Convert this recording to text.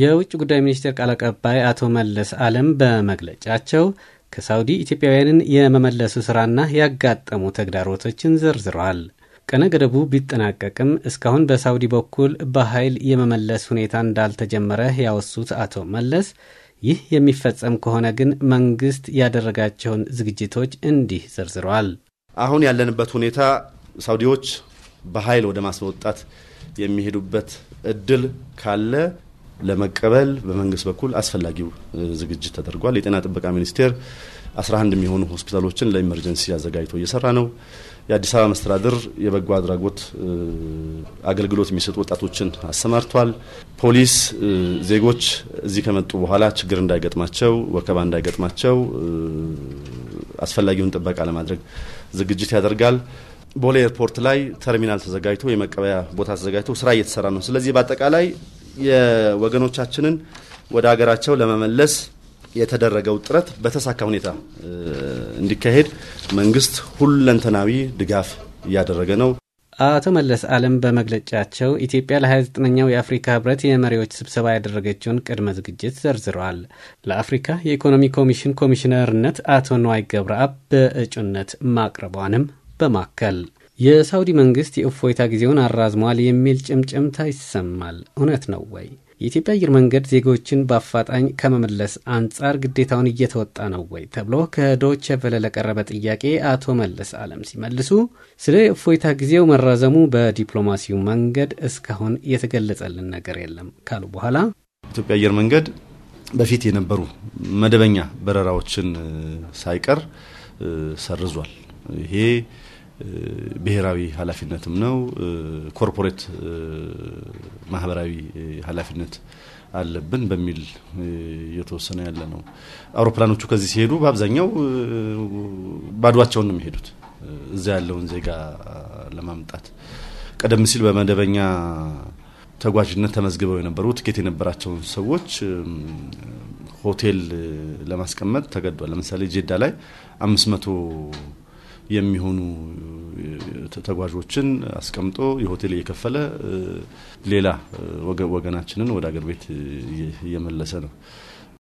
የውጭ ጉዳይ ሚኒስቴር ቃል አቀባይ አቶ መለስ አለም በመግለጫቸው ከሳውዲ ኢትዮጵያውያንን የመመለሱ ስራና ያጋጠሙ ተግዳሮቶችን ዘርዝረዋል። ቀነ ገደቡ ቢጠናቀቅም እስካሁን በሳውዲ በኩል በኃይል የመመለስ ሁኔታ እንዳልተጀመረ ያወሱት አቶ መለስ ይህ የሚፈጸም ከሆነ ግን መንግስት ያደረጋቸውን ዝግጅቶች እንዲህ ዘርዝረዋል። አሁን ያለንበት ሁኔታ ሳውዲዎች በኃይል ወደ ማስወጣት የሚሄዱበት እድል ካለ ለመቀበል በመንግስት በኩል አስፈላጊው ዝግጅት ተደርጓል። የጤና ጥበቃ ሚኒስቴር 11 የሚሆኑ ሆስፒታሎችን ለኢመርጀንሲ አዘጋጅቶ እየሰራ ነው። የአዲስ አበባ መስተዳድር የበጎ አድራጎት አገልግሎት የሚሰጡ ወጣቶችን አሰማርቷል። ፖሊስ ዜጎች እዚህ ከመጡ በኋላ ችግር እንዳይገጥማቸው፣ ወከባ እንዳይገጥማቸው አስፈላጊውን ጥበቃ ለማድረግ ዝግጅት ያደርጋል። ቦሌ ኤርፖርት ላይ ተርሚናል ተዘጋጅቶ የመቀበያ ቦታ ተዘጋጅቶ ስራ እየተሰራ ነው። ስለዚህ በአጠቃላይ የወገኖቻችንን ወደ ሀገራቸው ለመመለስ የተደረገው ጥረት በተሳካ ሁኔታ እንዲካሄድ መንግስት ሁለንተናዊ ድጋፍ እያደረገ ነው። አቶ መለስ አለም በመግለጫቸው ኢትዮጵያ ለ29ኛው የአፍሪካ ህብረት የመሪዎች ስብሰባ ያደረገችውን ቅድመ ዝግጅት ዘርዝረዋል። ለአፍሪካ የኢኮኖሚ ኮሚሽን ኮሚሽነርነት አቶ ነዋይ ገብረአብ በእጩነት ማቅረቧንም በማከል የሳውዲ መንግስት የእፎይታ ጊዜውን አራዝሟል የሚል ጭምጭምታ ይሰማል። እውነት ነው ወይ? የኢትዮጵያ አየር መንገድ ዜጎችን በአፋጣኝ ከመመለስ አንጻር ግዴታውን እየተወጣ ነው ወይ ተብሎ ከዶች ቨለ ለቀረበ ጥያቄ አቶ መለስ አለም ሲመልሱ ስለ እፎይታ ጊዜው መራዘሙ በዲፕሎማሲው መንገድ እስካሁን የተገለጸልን ነገር የለም ካሉ በኋላ ኢትዮጵያ አየር መንገድ በፊት የነበሩ መደበኛ በረራዎችን ሳይቀር ሰርዟል። ይሄ ብሔራዊ ኃላፊነትም ነው። ኮርፖሬት ማህበራዊ ኃላፊነት አለብን በሚል እየተወሰነ ያለ ነው። አውሮፕላኖቹ ከዚህ ሲሄዱ በአብዛኛው ባዷቸውን ነው የሚሄዱት እዛ ያለውን ዜጋ ለማምጣት ቀደም ሲል በመደበኛ ተጓዥነት ተመዝግበው የነበሩ ትኬት የነበራቸውን ሰዎች ሆቴል ለማስቀመጥ ተገዷል። ለምሳሌ ጄዳ ላይ አምስት መቶ የሚሆኑ ተጓዦችን አስቀምጦ የሆቴል እየከፈለ ሌላ ወገናችንን ወደ አገር ቤት እየመለሰ ነው።